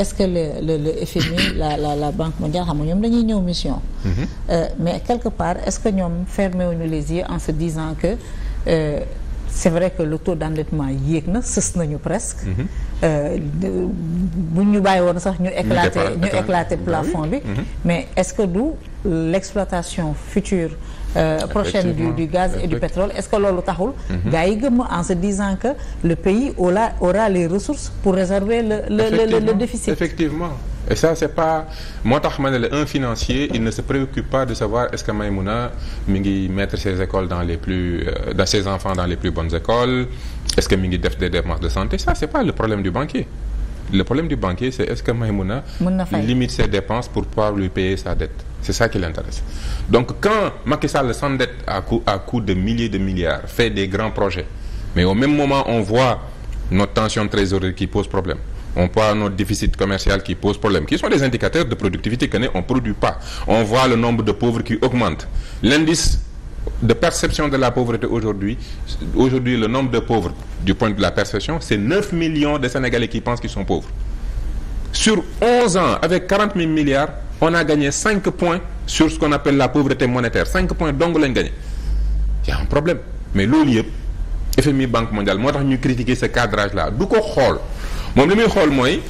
est-ce que le le le FMI la la la Banque mondiale xam ñoom dañuy ñëw mission. Mm-hmm. Euh, mais quelque part est-ce que ñoom fermé wuñu les yeux en se disant que euh, c'est vrai que le taux d'endettement yéeg na sës nañu presque. Mm-hmm. Euh, bu ñu bàyyi woon sax ñu. éclater ñu éclater plafond bi. Mm-hmm. mais est-ce que du l'exploitation future. euh, prochaine du, du gaz et du pétrole est-ce que loolu taxul mhm. gars yi gëmm en se disant que le pays aura, les ressources pour réserver le déficit effectivement et ça tax ma ne la un financier il ne se préoccupe pas de savoir est-ce ngi mettre ses écoles dans les euh, ses enfants dans les plus bonnes écoles est-ce que mi ngi des dépenses de santé ça c'est pas le du banquier le problème du banquier c'est est-ce que Maïmouna limite ses dépenses pour pouvoir lui payer sa dette c'est ça qui l'intéresse donc quand Macky Sall s'endette à coût à coût de milliers de milliards fait des grands projets mais au même moment on voit notre tension de qui pose problème on voit notre déficit commercial qui pose problème qui sont des indicateurs de productivité que on produit pas on voit le nombre de pauvres qui augmente l'indice de perception de la pauvreté aujourd'hui aujourd'hui le nombre de pauvres du point de la perception c'est 9 millions de Sénégalais qui pensent qu'ils sont pauvres sur 11 ans avec 40 milliards on a gagné 5 points sur ce qu'on appelle la pauvreté monétaire 5 points dong lañ gagné y a un problème mais loolu yëpp FMI Banque mondiale moo tax ñu critiquer ce cadrage là du ko xool moom li muy xool mooy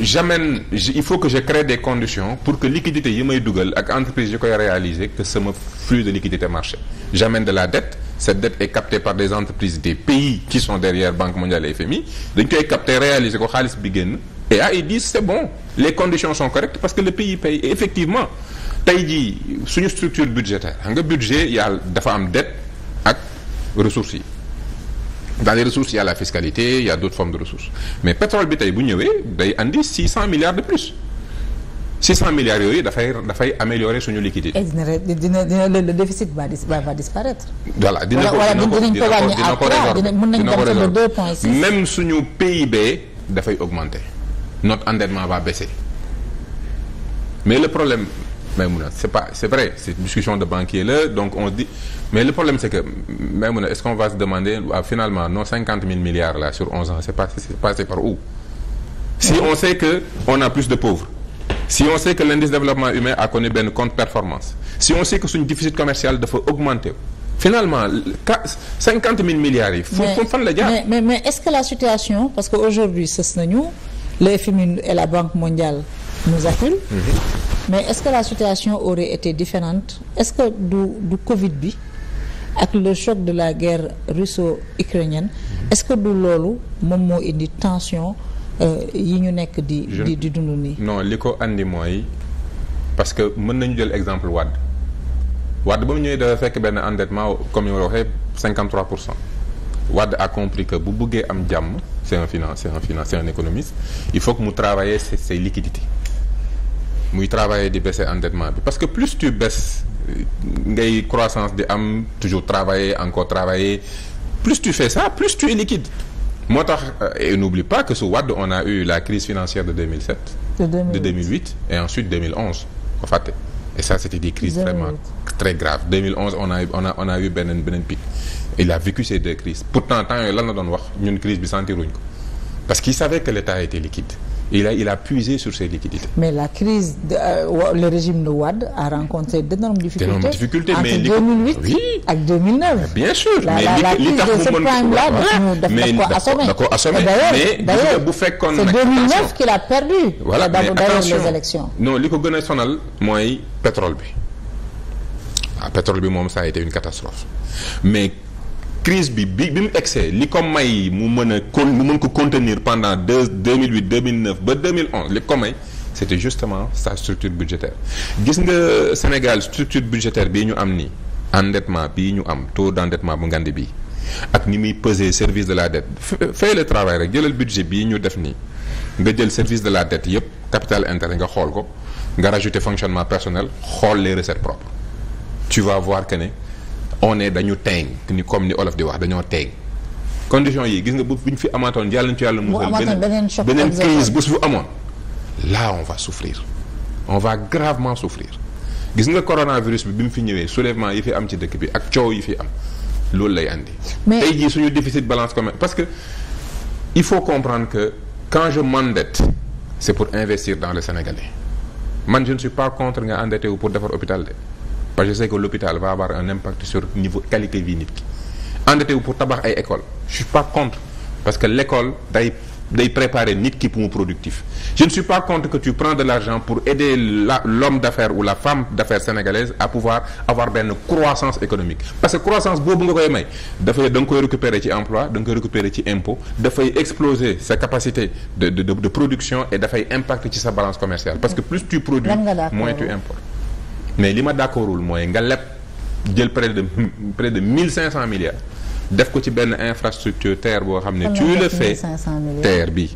j'amène il faut que je crée des conditions pour que liquidité yi may dugal ak entreprise yi koy réaliser que sama flux de liquidité marché j'amène de la dette cette dette est captée par des entreprises des pays qui sont derrière Banque mondiale et FMI dañ koy capter réaliser ko xaalis bi génn et ah ils disent c'est bon les conditions sont correctes parce que le pays paye et effectivement tey jii suñu structure budgétaire xam nga budget yàlla dafa am dette ak ressources dans les ressources il la fiscalité il y a d'autres formes de ressources mais pétrole bi tey bu ñëwee day andi 600 milliards de plus 600 milliards yooyu dafay dafay améliorer suñu liquidité. dina dina dina le déficit va va disparaître. voilà dina ko dina ko dina ko résorber dina ko résorber même suñu PIB dafay augmenter notre endettement va baisser mais le problème. Maïmouna c'est vrai c'est une discussion de banquier là donc on dit mais le problème c'est que Maïmouna est-ce qu'on va se demander ah, finalement nos cinquante mille milliards là sur onze ans c'est passé par où si on sait que on a plus de pauvres si on sait que l'indice développement humain a connu benn contre performance si on sait que suñu déficit commercial dafa augmenter finalement milliards yi. foofu fan la jaar mais mais mais est-ce que la situation parce que nous appellent. Mhm. mais est-ce que la situation aurait été différente est-ce que du du Covid bi ak le choc de la guerre russo-ukrainienne mhm. est-ce que du loolu moom moo indi tension euh, yi ñu nekk di. di di dund nii. non li ko indi mooy parce que mën nañu jël exemple Wade Wade ba mu ñëwee dafa fekk benn endettement comme ni waxee 53 pour cent. Wade a que bu buggee am jàmm c'est un financier un un économiste il faut que mu travailler ses liquidité muy travailler di baisser endettement parce que plus tu baisses euh, ngay croissance di am toujours travailler encore travailler plus tu fais ça plus tu es liquide moo tax euh, et n'oublie pas que su Wade on a eu la crise financière de 2007 de et ensuite 2011 ko et ça c'était des crises vraiment très graves on a eu beneen beneen pic il a vécu ces deux crises pourtant temps yooyu lan la doon wax ñun crise bi sentiruñ ko parce qu'il savait que l'État était liquide il a il a puisé sur ses liquidités. mais la crise de, euh, le régime de Wade a rencontré d'énormes difficultés. entre 2008 bien sûr la, mais li li tax mu mën assommé mais d'ailleurs bu fekkoon nag. c'est 2009 qu'il a perdu. mais attention les élections. non li ko gën a sonal mooy pétrole bi ah bi moom ça été une catastrophe crise bi bi bi mu excès li ko may mu mën a con mu mën ko contenir pendant deux deux mille huit deux ba deux mille onze li ko may c' était justement sa structure budgétaire gis nga Sénégal structure budgétaire bii ñu am nii endettement bii ñu am taux d' endettement bu ngande bi ak ni muy peser service de la dette fay le travail rek jëlal budget bii ñu def nii nga jël service de la dette yëpp capital intérêt nga xool ko nga rajouter fonctionnement personnel xool les recettes propres tu vas on est dañu teeñ ni comme ni olof di wax dañoo teeñ condition yi gis nga bu ñu fi amaatoon yàlla ñu ci yàlla musal beneen beneen crise bu su amoon là on va souffrir on va gravement souffrir gis nga coronavirus bi bi mu fi ñëwee soulèvement yi fi am ci dëkk bi ak coow yi fi am loolu lay andi tey jii suñu déficit balance commerciale parce que il faut comprendre que quand je m'endette c'est pour investir dans le Sénégalais man je ne par pas contre nga endetté wu pour defar hôpital parce que l'hôpital va avoir un impact sur niveau qualité vie nit ki endetté wu pour tabax ay école je suis pas contre parce que l'école day day préparer nit ki pour mu productif je ne suis pas contre que tu prends de l'argent pour aider l'homme d'affaires ou la femme d'affaires sénégalaise à pouvoir avoir benn croissance économique parce que croissance boobu nga koy may dafay da nga koy récupérer ci emploi da nga koy récupérer ci impôt dafay exploser sa que plus tu mais li ma d'accordul mooy nga leb jël près de près de mille cinq cent milliards def ko ci benn infrastructure terre boo xam ne tu le fais terre bi